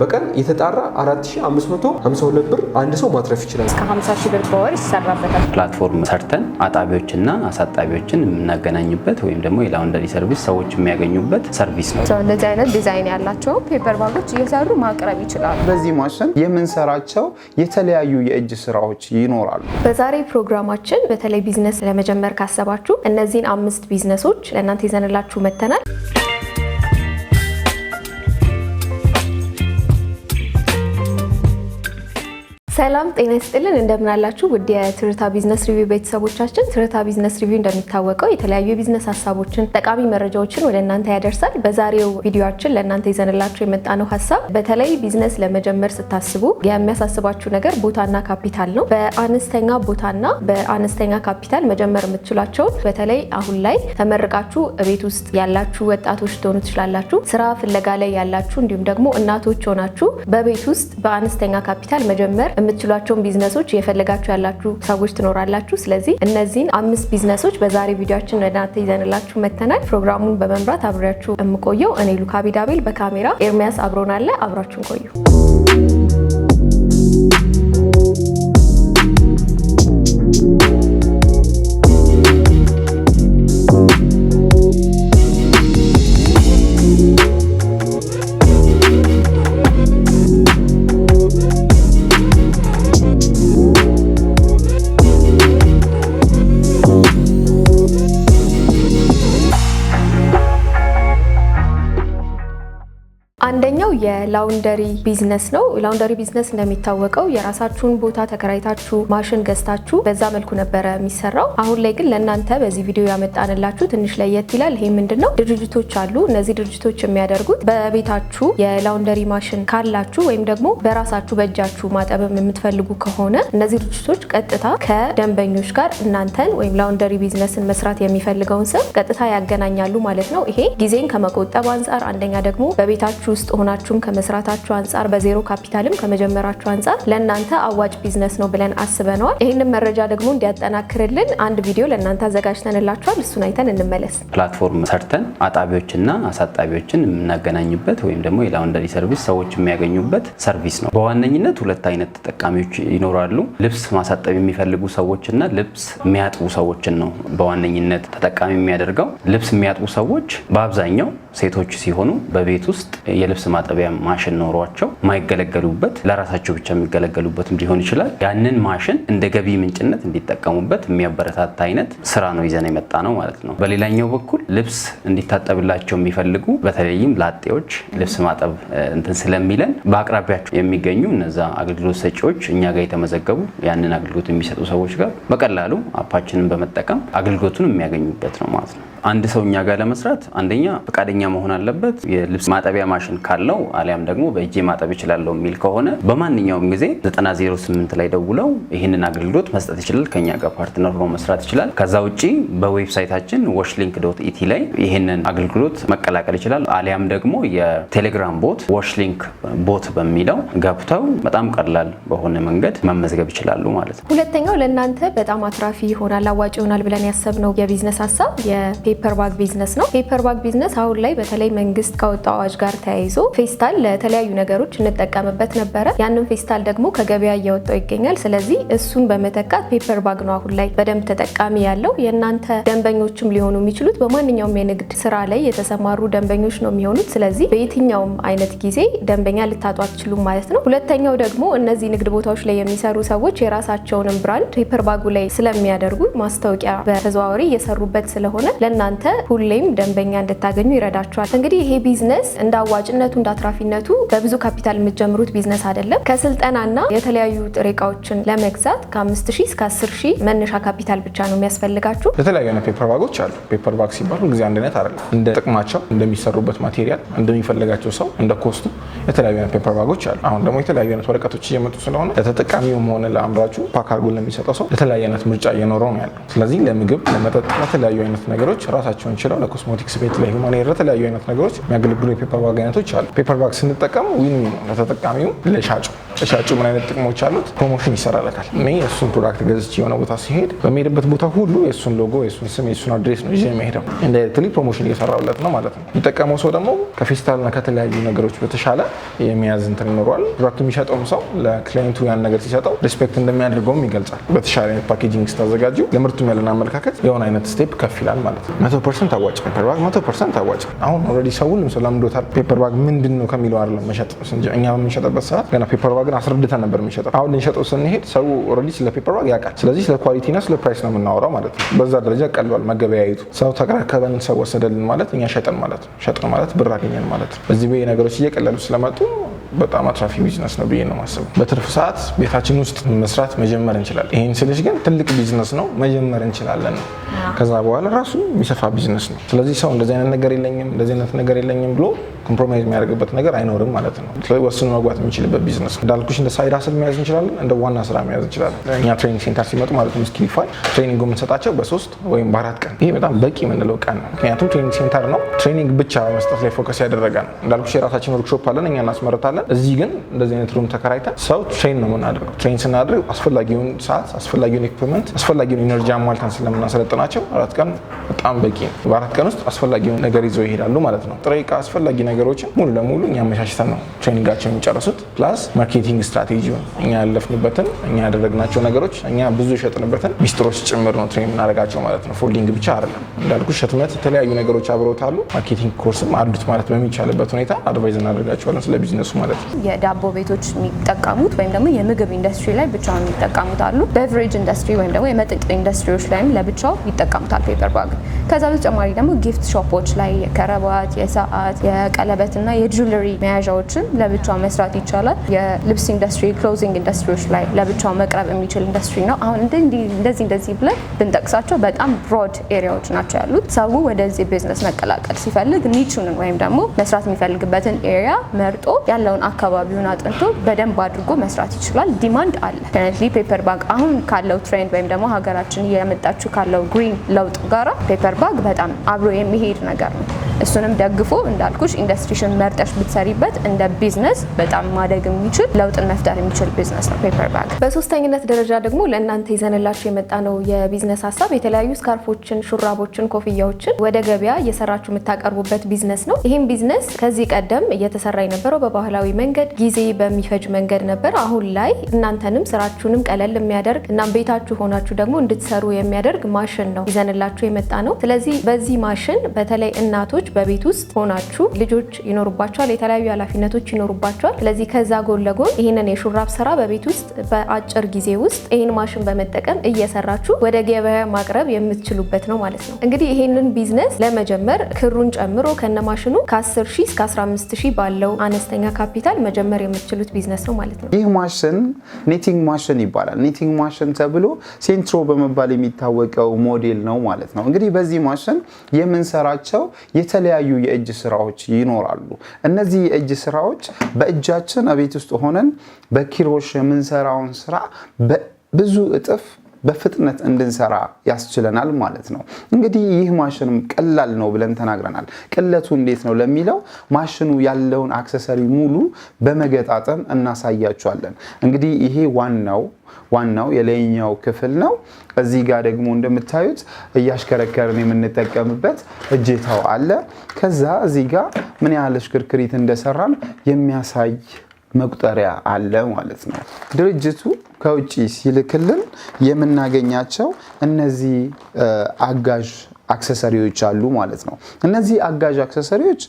በቀን የተጣራ 4552 ብር አንድ ሰው ማትረፍ ይችላል። እስከ 50 ሺህ ብር በወር ይሰራበታል። ፕላትፎርም ሰርተን አጣቢዎችና አሳጣቢዎችን የምናገናኝበት ወይም ደግሞ የላውንደሪ ሰርቪስ ሰዎች የሚያገኙበት ሰርቪስ ነው። እንደዚህ አይነት ዲዛይን ያላቸው ፔፐር ባጎች እየሰሩ ማቅረብ ይችላሉ። በዚህ ማሽን የምንሰራቸው የተለያዩ የእጅ ስራዎች ይኖራሉ። በዛሬ ፕሮግራማችን በተለይ ቢዝነስ ለመጀመር ካሰባችሁ እነዚህን አምስት ቢዝነሶች ለእናንተ ይዘንላችሁ መተናል። ሰላም ጤና ይስጥልን እንደምን አላችሁ? ውድ የትርታ ቢዝነስ ሪቪው ቤተሰቦቻችን፣ ትርታ ቢዝነስ ሪቪው እንደሚታወቀው የተለያዩ የቢዝነስ ሀሳቦችን፣ ጠቃሚ መረጃዎችን ወደ እናንተ ያደርሳል። በዛሬው ቪዲዮችን ለእናንተ ይዘንላችሁ የመጣነው ሀሳብ በተለይ ቢዝነስ ለመጀመር ስታስቡ የሚያሳስባችሁ ነገር ቦታና ካፒታል ነው። በአነስተኛ ቦታና በአነስተኛ ካፒታል መጀመር የምትችሏቸውን በተለይ አሁን ላይ ተመርቃችሁ ቤት ውስጥ ያላችሁ ወጣቶች ልትሆኑ ትችላላችሁ፣ ስራ ፍለጋ ላይ ያላችሁ፣ እንዲሁም ደግሞ እናቶች ሆናችሁ በቤት ውስጥ በአነስተኛ ካፒታል መጀመር የምትችሏቸውን ቢዝነሶች እየፈለጋችሁ ያላችሁ ሰዎች ትኖራላችሁ። ስለዚህ እነዚህን አምስት ቢዝነሶች በዛሬ ቪዲዮችን ወደናተ ይዘንላችሁ መተናል። ፕሮግራሙን በመምራት አብሬያችሁ የምቆየው እኔ ሉካ ቢዳቤል፣ በካሜራ ኤርሚያስ አብሮናለ። አብራችሁን ቆዩ። ላውንደሪ ቢዝነስ ነው። ላውንደሪ ቢዝነስ እንደሚታወቀው የራሳችሁን ቦታ ተከራይታችሁ ማሽን ገዝታችሁ በዛ መልኩ ነበረ የሚሰራው። አሁን ላይ ግን ለእናንተ በዚህ ቪዲዮ ያመጣንላችሁ ትንሽ ለየት ይላል። ይሄ ምንድን ነው? ድርጅቶች አሉ። እነዚህ ድርጅቶች የሚያደርጉት በቤታችሁ የላውንደሪ ማሽን ካላችሁ ወይም ደግሞ በራሳችሁ በእጃችሁ ማጠብም የምትፈልጉ ከሆነ እነዚህ ድርጅቶች ቀጥታ ከደንበኞች ጋር እናንተን ወይም ላውንደሪ ቢዝነስን መስራት የሚፈልገውን ሰው ቀጥታ ያገናኛሉ ማለት ነው። ይሄ ጊዜን ከመቆጠብ አንጻር አንደኛ ደግሞ በቤታችሁ ውስጥ ሆናችሁም ከመስራት ከመምራታችሁ አንጻር በዜሮ ካፒታልም ከመጀመራችሁ አንጻር ለእናንተ አዋጭ ቢዝነስ ነው ብለን አስበነዋል። ይህንን መረጃ ደግሞ እንዲያጠናክርልን አንድ ቪዲዮ ለእናንተ አዘጋጅተንላችኋል። እሱን አይተን እንመለስ። ፕላትፎርም ሰርተን አጣቢዎችና አሳጣቢዎችን የምናገናኝበት ወይም ደግሞ የላውንደሪ ሰርቪስ ሰዎች የሚያገኙበት ሰርቪስ ነው። በዋነኝነት ሁለት አይነት ተጠቃሚዎች ይኖራሉ። ልብስ ማሳጠብ የሚፈልጉ ሰዎችና ልብስ የሚያጥቡ ሰዎችን ነው በዋነኝነት ተጠቃሚ የሚያደርገው። ልብስ የሚያጥቡ ሰዎች በአብዛኛው ሴቶች ሲሆኑ በቤት ውስጥ የልብስ ማጠቢያ ማሽን ኖሯቸው ማይገለገሉበት ለራሳቸው ብቻ የሚገለገሉበትም ሊሆን ይችላል። ያንን ማሽን እንደ ገቢ ምንጭነት እንዲጠቀሙበት የሚያበረታታ አይነት ስራ ነው ይዘን የመጣ ነው ማለት ነው። በሌላኛው በኩል ልብስ እንዲታጠብላቸው የሚፈልጉ በተለይም ላጤዎች ልብስ ማጠብ እንትን ስለሚለን በአቅራቢያቸው የሚገኙ እነዛ አገልግሎት ሰጪዎች እኛ ጋር የተመዘገቡ ያንን አገልግሎት የሚሰጡ ሰዎች ጋር በቀላሉ አፓችንን በመጠቀም አገልግሎቱን የሚያገኙበት ነው ማለት ነው። አንድ ሰው እኛ ጋር ለመስራት አንደኛ ፈቃደኛ መሆን አለበት። የልብስ ማጠቢያ ማሽን ካለው አሊያም ደግሞ በእጄ ማጠብ ይችላለሁ የሚል ከሆነ በማንኛውም ጊዜ 9008 ላይ ደውለው ይህንን አገልግሎት መስጠት ይችላል። ከኛ ጋር ፓርትነር ሆኖ መስራት ይችላል። ከዛ ውጭ በዌብሳይታችን ወሽሊንክ ዶት ኢቲ ላይ ይህንን አገልግሎት መቀላቀል ይችላል። አሊያም ደግሞ የቴሌግራም ቦት ወሽሊንክ ቦት በሚለው ገብተው በጣም ቀላል በሆነ መንገድ መመዝገብ ይችላሉ ማለት ነው። ሁለተኛው ለእናንተ በጣም አትራፊ ይሆናል፣ አዋጭ ይሆናል ብለን ያሰብነው የቢዝነስ ሀሳብ የፔፐር ባግ ቢዝነስ ነው። ፔፐር ባግ ቢዝነስ አሁን ላይ በተለይ መንግስት ካወጣው አዋጅ ጋር ተያይዞ ፌስታል ለተለያዩ ነገሮች እንጠቀምበት ነበረ። ያንን ፌስታል ደግሞ ከገበያ እያወጣው ይገኛል። ስለዚህ እሱን በመተካት ፔፐር ባግ ነው አሁን ላይ በደንብ ተጠቃሚ ያለው። የእናንተ ደንበኞችም ሊሆኑ የሚችሉት በማንኛውም የንግድ ስራ ላይ የተሰማሩ ደንበኞች ነው የሚሆኑት። ስለዚህ በየትኛውም አይነት ጊዜ ደንበኛ ልታጡ አትችሉም ማለት ነው። ሁለተኛው ደግሞ እነዚህ ንግድ ቦታዎች ላይ የሚሰሩ ሰዎች የራሳቸውንም ብራንድ ፔፐር ባጉ ላይ ስለሚያደርጉ ማስታወቂያ በተዘዋዋሪ እየሰሩበት ስለሆነ እናንተ ሁሌም ደንበኛ እንድታገኙ ይረዳችኋል። እንግዲህ ይሄ ቢዝነስ እንደ አዋጭነቱ እንደ አትራፊነቱ በብዙ ካፒታል የምትጀምሩት ቢዝነስ አይደለም። ከስልጠናና የተለያዩ ጥሬ እቃዎችን ለመግዛት ከ5000 እስከ 10000 መነሻ ካፒታል ብቻ ነው የሚያስፈልጋችሁ። የተለያዩ አይነት ፔፐር ባጎች አሉ። ፔፐር ባግ ሲባሉ ጊዜ አንድነት አይደለም። እንደ ጥቅማቸው፣ እንደሚሰሩበት ማቴሪያል፣ እንደሚፈልጋቸው ሰው፣ እንደ ኮስቱ የተለያዩ አይነት ፔፐር ባጎች አሉ። አሁን ደግሞ የተለያዩ አይነት ወረቀቶች እየመጡ ስለሆነ ለተጠቃሚውም ሆነ ለአምራቹ ፓክ አርጎ ለሚሰጠው ሰው የተለያየ አይነት ምርጫ እየኖረው ነው ያለው። ስለዚህ ለምግብ፣ ለመጠጥ፣ ለተለያዩ አይነት ነገሮች ራሳቸውን ችለው ለኮስሞቲክስ ቤት፣ ለሂውማን ሄር፣ ለተለያዩ አይነት ነገሮች የሚያገለግሉ የፔፐር ባግ አይነቶች አሉ። ፔፐር ባግ ስንጠቀም ዊን ነው ለተጠቃሚው ለሻጩ ሻጩ ምን አይነት ጥቅሞች አሉት? ፕሮሞሽን ይሰራለታል። እኔ የእሱን ፕሮዳክት ገዝቼ የሆነ ቦታ ሲሄድ በሚሄድበት ቦታ ሁሉ የእሱን ሎጎ፣ የእሱን ስም፣ የእሱን አድሬስ ነው ይዤ የሚሄደው። ኢንዳይሬክትሊ ፕሮሞሽን እየሰራለት ነው ማለት ነው። የሚጠቀመው ሰው ደግሞ ከፌስታልና ከተለያዩ ነገሮች በተሻለ የሚያዝ እንትን ይኖረዋል። ፕሮዳክቱ የሚሸጠውም ሰው ለክላይንቱ ያን ነገር ሲሰጠው ሪስፔክት እንደሚያደርገውም ይገልጻል። በተሻለ አይነት ፓኬጂንግ ስታዘጋጁ ለምርቱም ያለን አመለካከት የሆነ አይነት ስቴፕ ከፍ ይላል ማለት ነው። መቶ ፐርሰንት አዋጭ ፔፐርባግ መቶ ፐርሰንት አዋጭ። አሁን ኦልሬዲ ሰው ሁሉም ሰው ለምዶታል። ፔፐርባግ ምንድን ነው ከሚለው አይደለም መሸጥ እኛ በምንሸጠበት ሰዓት ገና ፔፐርባግ ግን አስረድተን ነበር የምንሸጠው። አሁን ልንሸጠው ስንሄድ ሰው ኦልሬዲ ስለ ፔፐር ባግ ያውቃል። ስለዚህ ስለ ኳሊቲና ስለ ፕራይስ ነው የምናወራው ማለት ነው። በዛ ደረጃ ቀልሏል መገበያየቱ። ሰው ተከራከበን፣ ሰው ወሰደልን ማለት እኛ ሸጠን ማለት ነው። ሸጠን ማለት ብር አገኘን ማለት ነው። በዚህ ነገሮች እየቀለሉ ስለመጡ በጣም አትራፊ ቢዝነስ ነው ብዬ ነው ማስበው። በትርፍ ሰዓት ቤታችን ውስጥ መስራት መጀመር እንችላለን። ይህን ስልሽ ግን ትልቅ ቢዝነስ ነው መጀመር እንችላለን ነው። ከዛ በኋላ ራሱ የሚሰፋ ቢዝነስ ነው። ስለዚህ ሰው እንደዚህ አይነት ነገር የለኝም እንደዚህ አይነት ነገር የለኝም ብሎ ኮምፕሮማይዝ የሚያደርግበት ነገር አይኖርም ማለት ነው። ስለዚህ ወስኖ መግባት የሚችልበት ቢዝነስ ነው። እንዳልኩሽ እንደ ሳይድ ሀስል መያዝ እንችላለን፣ እንደ ዋና ስራ መያዝ እንችላለን። እኛ ትሬኒንግ ሴንተር ሲመጡ ማለት ነው ስኪሊፋይ ትሬኒንግ የምንሰጣቸው በሶስት ወይም በአራት ቀን ይሄ በጣም በቂ የምንለው ቀን ነው። ምክንያቱም ትሬኒንግ ሴንተር ነው፣ ትሬኒንግ ብቻ በመስጠት ላይ ፎከስ ያደረገ ነው። እንዳልኩሽ የራሳችን ወርክሾፕ አለን፣ እኛ እናስመረታለን እንሰራለን። እዚህ ግን እንደዚህ አይነት ሩም ተከራይተን ሰው ትሬን ነው የምናደርገው። ትሬን ስናደርግ አስፈላጊውን ሰዓት፣ አስፈላጊውን ኢኩፕመንት፣ አስፈላጊውን ኢነርጂ አሟልተን ስለምናሰለጥናቸው አራት ቀን በጣም በቂ ነው። በአራት ቀን ውስጥ አስፈላጊውን ነገር ይዘው ይሄዳሉ ማለት ነው። ጥሬ አስፈላጊ ነገሮችን ሙሉ ለሙሉ እኛ አመቻችተን ነው ትሬኒንጋቸው የሚጨርሱት። ክላስ ማርኬቲንግ ስትራቴጂ እኛ ያለፍንበትን እኛ ያደረግናቸው ነገሮች እኛ ብዙ የሸጥንበትን ሚስጥሮች ጭምር ነው ትሬን የምናደርጋቸው ማለት ነው። ፎልዲንግ ብቻ አይደለም እንዳልኩ ሸትመት የተለያዩ ነገሮች አብረውት አሉ። ማርኬቲንግ ኮርስም አሉት ማለት በሚቻልበት ሁኔታ አድቫይዝ እናደርጋቸዋለን ስለ ቢዝነሱ ማለት ነው። የዳቦ ቤቶች የሚጠቀሙት ወይም ደግሞ የምግብ ኢንዱስትሪ ላይ ብቻውን የሚጠቀሙት አሉ። በቨሬጅ ኢንዱስትሪ ወይም ደግሞ የመጠጥ ኢንዱስትሪዎች ላይም ለብቻው ይጠቀሙታል ፔፐር ባግ። ከዛ በተጨማሪ ደግሞ ጊፍት ሾፖች ላይ የከረባት፣ የሰዓት፣ የቀለበትና የጁለሪ መያዣዎችን ለብቻው መስራት ይቻላል። በማስተባበር የልብስ ኢንዱስትሪ፣ ክሎዚንግ ኢንዱስትሪዎች ላይ ለብቻው መቅረብ የሚችል ኢንዱስትሪ ነው። አሁን እንደዚህ እንደዚህ ብለን ብንጠቅሳቸው በጣም ብሮድ ኤሪያዎች ናቸው ያሉት። ሰው ወደዚህ ቢዝነስ መቀላቀል ሲፈልግ ኒቹንን ወይም ደግሞ መስራት የሚፈልግበትን ኤሪያ መርጦ ያለውን አካባቢውን አጥንቶ በደንብ አድርጎ መስራት ይችላል። ዲማንድ አለ። ፔፐር ባግ አሁን ካለው ትሬንድ ወይም ደግሞ ሀገራችን እያመጣችው ካለው ግሪን ለውጥ ጋራ ፔፐር ባግ በጣም አብሮ የሚሄድ ነገር ነው። እሱንም ደግፎ እንዳልኩሽ ኢንዱስትሪሽን መርጠሽ ብትሰሪበት እንደ ቢዝነስ በጣም ማደግ ማድረግ የሚችል ለውጥን መፍጠር የሚችል ቢዝነስ ነው ፔፐር ባግ። በሶስተኝነት ደረጃ ደግሞ ለእናንተ ይዘንላችሁ የመጣ ነው የቢዝነስ ሀሳብ የተለያዩ ስካርፎችን፣ ሹራቦችን፣ ኮፍያዎችን ወደ ገበያ እየሰራችሁ የምታቀርቡበት ቢዝነስ ነው። ይህም ቢዝነስ ከዚህ ቀደም እየተሰራ የነበረው በባህላዊ መንገድ ጊዜ በሚፈጅ መንገድ ነበር። አሁን ላይ እናንተንም ስራችሁንም ቀለል የሚያደርግ እናም ቤታችሁ ሆናችሁ ደግሞ እንድትሰሩ የሚያደርግ ማሽን ነው ይዘንላችሁ የመጣ ነው። ስለዚህ በዚህ ማሽን በተለይ እናቶች በቤት ውስጥ ሆናችሁ ልጆች ይኖሩባቸዋል፣ የተለያዩ ኃላፊነቶች ይኖሩባቸዋል። ስለዚህ ከዛ ጎን ለጎን ይህንን የሹራብ ስራ በቤት ውስጥ በአጭር ጊዜ ውስጥ ይህን ማሽን በመጠቀም እየሰራችሁ ወደ ገበያ ማቅረብ የምትችሉበት ነው ማለት ነው። እንግዲህ ይህንን ቢዝነስ ለመጀመር ክሩን ጨምሮ ከነ ማሽኑ ከ10 ሺህ እስከ 15 ሺህ ባለው አነስተኛ ካፒታል መጀመር የምትችሉት ቢዝነስ ነው ማለት ነው። ይህ ማሽን ኔቲንግ ማሽን ይባላል። ኔቲንግ ማሽን ተብሎ ሴንትሮ በመባል የሚታወቀው ሞዴል ነው ማለት ነው። እንግዲህ በዚህ ማሽን የምንሰራቸው የተለያዩ የእጅ ስራዎች ይኖራሉ። እነዚህ የእጅ ስራዎች በእጃችን ቤት ውስጥ ሆነን በኪሮሽ የምንሰራውን ስራ ብዙ እጥፍ በፍጥነት እንድንሰራ ያስችለናል ማለት ነው። እንግዲህ ይህ ማሽንም ቀላል ነው ብለን ተናግረናል። ቅለቱ እንዴት ነው ለሚለው ማሽኑ ያለውን አክሰሰሪ ሙሉ በመገጣጠም እናሳያቸዋለን እንግዲህ ይሄ ዋናው ዋናው የላይኛው ክፍል ነው። እዚህ ጋር ደግሞ እንደምታዩት እያሽከረከርን የምንጠቀምበት እጀታው አለ። ከዛ እዚህ ጋር ምን ያህል እሽክርክሪት እንደሰራን የሚያሳይ መቁጠሪያ አለ ማለት ነው። ድርጅቱ ከውጭ ሲልክልን የምናገኛቸው እነዚህ አጋዥ አክሰሰሪዎች አሉ ማለት ነው። እነዚህ አጋዥ አክሰሰሪዎች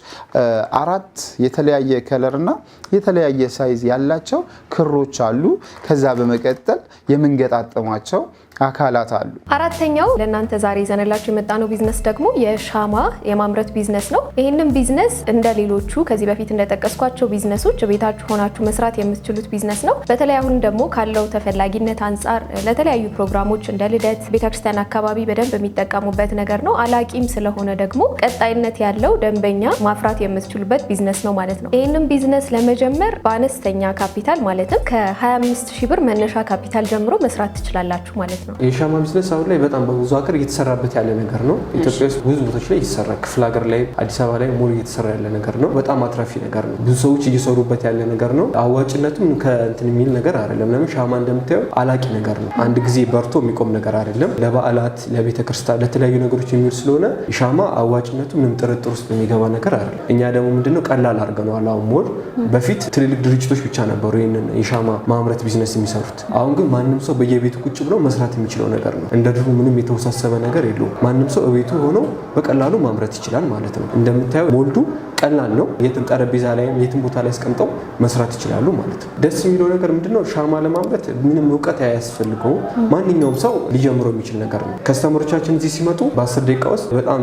አራት የተለያየ ከለር እና የተለያየ ሳይዝ ያላቸው ክሮች አሉ። ከዛ በመቀጠል የምንገጣጠማቸው አካላት አሉ። አራተኛው ለእናንተ ዛሬ ይዘንላችሁ የመጣነው ቢዝነስ ደግሞ የሻማ የማምረት ቢዝነስ ነው። ይህንም ቢዝነስ እንደ ሌሎቹ ከዚህ በፊት እንደጠቀስኳቸው ቢዝነሶች ቤታችሁ ሆናችሁ መስራት የምትችሉት ቢዝነስ ነው። በተለይ አሁን ደግሞ ካለው ተፈላጊነት አንጻር ለተለያዩ ፕሮግራሞች እንደ ልደት፣ ቤተክርስቲያን አካባቢ በደንብ የሚጠቀሙበት ነገር ነው። አላቂም ስለሆነ ደግሞ ቀጣይነት ያለው ደንበኛ ማፍራት የምትችሉበት ቢዝነስ ነው ማለት ነው። ይህንም ቢዝነስ ለመጀመር በአነስተኛ ካፒታል ማለትም ከ25 ሺህ ብር መነሻ ካፒታል ጀምሮ መስራት ትችላላችሁ ማለት ነው። ነው። የሻማ ቢዝነስ አሁን ላይ በጣም በብዙ ሀገር እየተሰራበት ያለ ነገር ነው። ኢትዮጵያ ውስጥ ብዙ ቦታዎች ላይ እየተሰራ ክፍለ ሀገር ላይ፣ አዲስ አበባ ላይ ሙሉ እየተሰራ ያለ ነገር ነው። በጣም አትራፊ ነገር ነው። ብዙ ሰዎች እየሰሩበት ያለ ነገር ነው። አዋጭነቱም ከእንትን የሚል ነገር አይደለም። ለምን ሻማ እንደምታየው አላቂ ነገር ነው። አንድ ጊዜ በርቶ የሚቆም ነገር አይደለም። ለበዓላት፣ ለቤተ ክርስቲያን፣ ለተለያዩ ነገሮች የሚውል ስለሆነ ሻማ አዋጭነቱ ምንም ጥርጥር ውስጥ የሚገባ ነገር አይደለም። እኛ ደግሞ ምንድነው ቀላል አድርገነዋል። አሁን ሞል በፊት ትልልቅ ድርጅቶች ብቻ ነበሩ ይህንን የሻማ ማምረት ቢዝነስ የሚሰሩት። አሁን ግን ማንም ሰው በየቤቱ ቁጭ ብለው መስራት የምችለው ነገር ነው። እንደ ድሮ ምንም የተወሳሰበ ነገር የለውም። ማንም ሰው እቤቱ ሆኖ በቀላሉ ማምረት ይችላል ማለት ነው። እንደምታየው ሞልዱ ቀላል ነው። የትም ጠረጴዛ ላይም የትም ቦታ ላይ አስቀምጠው መስራት ይችላሉ ማለት ነው። ደስ የሚለው ነገር ምንድነው? ሻማ ለማምረት ምንም እውቀት አያስፈልገው። ማንኛውም ሰው ሊጀምረው የሚችል ነገር ነው። ከስተመሮቻችን እዚህ ሲመጡ በአስር ደቂቃ ውስጥ በጣም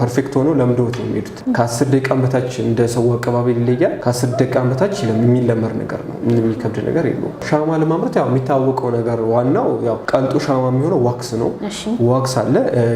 ፐርፌክት ሆነው ለምደውት ነው የሚሄዱት። ከአስር ደቂቃ በታች እንደ ሰው አቀባበል ይለያል። ከአስር ደቂቃ በታች የሚለመር ነገር ነው። ምንም የሚከብድ ነገር የለውም። ሻማ ለማምረት ያው የሚታወቀው ነገር ዋናው ያው ሻማ የሚሆነው ዋክስ ነው። ዋክስ አለ።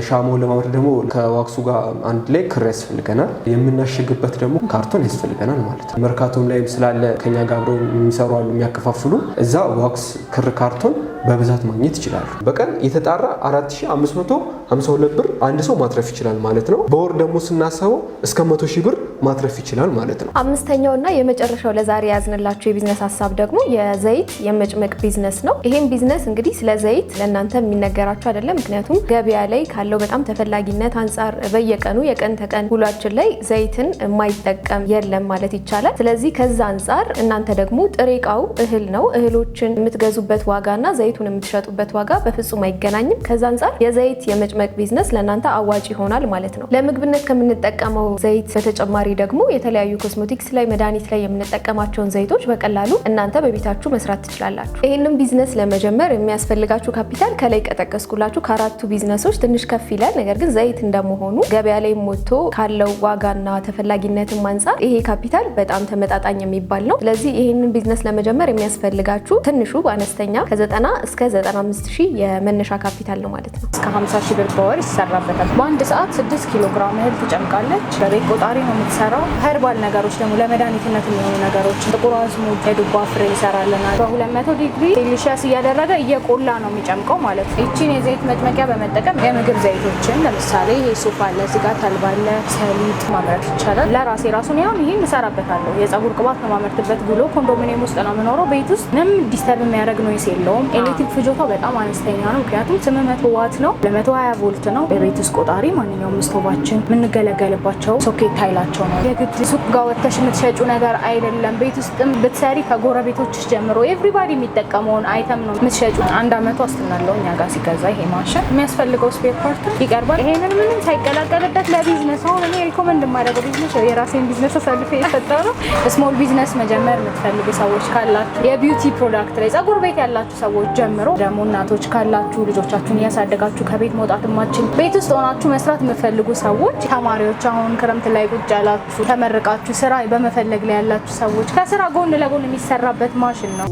ሻማውን ለማምረት ደግሞ ከዋክሱ ጋር አንድ ላይ ክር ያስፈልገናል። የምናሽግበት ደግሞ ካርቶን ያስፈልገናል ማለት ነው። መርካቶም ላይም ስላለ ከኛ ጋር አብረው የሚሰሩ አሉ የሚያከፋፍሉ። እዛ ዋክስ፣ ክር፣ ካርቶን በብዛት ማግኘት ይችላሉ። በቀን የተጣራ 4552 ብር አንድ ሰው ማትረፍ ይችላል ማለት ነው። በወር ደግሞ ስናሰበው እስከ 100 ሺህ ብር ማትረፍ ይችላል ማለት ነው። አምስተኛው እና የመጨረሻው ለዛሬ ያዝንላቸው የቢዝነስ ሀሳብ ደግሞ የዘይት የመጭመቅ ቢዝነስ ነው። ይህም ቢዝነስ እንግዲህ ስለ ዘይት ለእናንተ የሚነገራቸው አይደለም። ምክንያቱም ገበያ ላይ ካለው በጣም ተፈላጊነት አንጻር በየቀኑ የቀን ተቀን ውሏችን ላይ ዘይትን የማይጠቀም የለም ማለት ይቻላል። ስለዚህ ከዛ አንጻር እናንተ ደግሞ ጥሬ እቃው እህል ነው። እህሎችን የምትገዙበት ዋጋና ዘይቱን የምትሸጡበት ዋጋ በፍጹም አይገናኝም። ከዛ አንጻር የዘይት የመጭመቅ ቢዝነስ ለእናንተ አዋጭ ይሆናል ማለት ነው። ለምግብነት ከምንጠቀመው ዘይት በተጨማሪ በተጨማሪ ደግሞ የተለያዩ ኮስሞቲክስ ላይ መድኃኒት ላይ የምንጠቀማቸውን ዘይቶች በቀላሉ እናንተ በቤታችሁ መስራት ትችላላችሁ። ይህንም ቢዝነስ ለመጀመር የሚያስፈልጋችሁ ካፒታል ከላይ ቀጠቀስኩላችሁ ከአራቱ ቢዝነሶች ትንሽ ከፍ ይላል። ነገር ግን ዘይት እንደመሆኑ ገበያ ላይ ሞቶ ካለው ዋጋና ተፈላጊነትም አንጻር ይሄ ካፒታል በጣም ተመጣጣኝ የሚባል ነው። ስለዚህ ይህንን ቢዝነስ ለመጀመር የሚያስፈልጋችሁ ትንሹ አነስተኛ ከ90 እስከ 95 ሺህ የመነሻ ካፒታል ነው ማለት ነው። እስከ 50 ሺህ ብር በወር ይሰራበታል። በአንድ ሰዓት 6 ኪሎ ግራም እህል ትጨምቃለች። በቤት ቆጣሪ ነው የምንሰራው ሀርባል ነገሮች ደግሞ ለመድኃኒትነት የሚሆኑ ነገሮች ጥቁር አዝሙድ፣ የዱባ ፍሬ ይሰራልና በሁለት መቶ ዲግሪ ዴሊሽስ እያደረገ እየቆላ ነው የሚጨምቀው ማለት ነው። ይቺን የዘይት መጥመቂያ በመጠቀም የምግብ ዘይቶችን ለምሳሌ ይሄ ሱፍ አለ፣ እዚህ ተልባለ ሰሊጥ ማምረት ይቻላል። ለራሴ ራሱን ያሁን ይህን እሰራበታለሁ። የጸጉር ቅባት ነው ማመርትበት ብሎ ኮንዶሚኒየም ውስጥ ነው የምኖረው። ቤት ውስጥ ምንም ዲስተርብ የሚያደርግ ኖይስ የለውም። ኤሌክትሪክ ፍጆታው በጣም አነስተኛ ነው፣ ምክንያቱም ስምንት መቶ ዋት ነው፣ ለመቶ ሀያ ቮልት ነው። የቤት ውስጥ ቆጣሪ ማንኛውም ስቶቫችን የምንገለገልባቸው ሶኬት ታይላቸው የግድ ሱቅ ጋር ወተሽ የምትሸጩ ነገር አይደለም። ቤት ውስጥም ብትሰሪ ከጎረቤቶችሽ ጀምሮ ኤቭሪባዲ የሚጠቀመውን አይተም ነው የምትሸጩ። አንድ አመቱ አስናለው እኛ ጋር ሲገዛ ይሄ ማሽን የሚያስፈልገው ስፔር ፓርት ይቀርባል። ይሄንን ምንም ሳይቀላቀልበት ለቢዝነስ አሁን እኔ ሪኮመንድ የማደርገው ቢዝነስ የራሴን ቢዝነስ አሳልፌ የሰጠው ነው። ስሞል ቢዝነስ መጀመር የምትፈልጉ ሰዎች ካላችሁ የቢዩቲ ፕሮዳክት ላይ ጸጉር ቤት ያላችሁ ሰዎች ጀምሮ ደግሞ እናቶች ካላችሁ ልጆቻችሁን እያሳደጋችሁ ከቤት መውጣት ማችን ቤት ውስጥ ሆናችሁ መስራት የምትፈልጉ ሰዎች ተማሪዎች አሁን ክረምት ላይ ቁጭ ያላ ያላችሁ ተመርቃችሁ ስራ በመፈለግ ላይ ያላችሁ ሰዎች ከስራ ጎን ለጎን የሚሰራበት ማሽን ነው።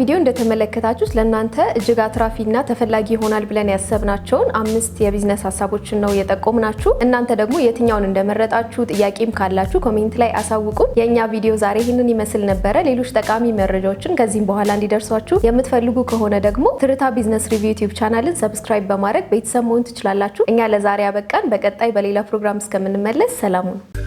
ቪዲዮ እንደተመለከታችሁ ለእናንተ እጅግ አትራፊና ተፈላጊ ይሆናል ብለን ያሰብናቸውን አምስት የቢዝነስ ሀሳቦችን ነው የጠቆምናችሁ። እናንተ ደግሞ የትኛውን እንደመረጣችሁ ጥያቄም ካላችሁ ኮሜንት ላይ አሳውቁ የእኛ ቪዲዮ ዛሬ ይህንን ይመስል ነበረ። ሌሎች ጠቃሚ መረጃዎችን ከዚህም በኋላ እንዲደርሷችሁ የምትፈልጉ ከሆነ ደግሞ ትርታ ቢዝነስ ሪቪው ዩቲዩብ ቻናልን ሰብስክራይብ በማድረግ ቤተሰብ መሆን ትችላላችሁ። እኛ ለዛሬ አበቃን። በቀጣይ በሌላ ፕሮግራም እስከምንመለስ ሰላሙን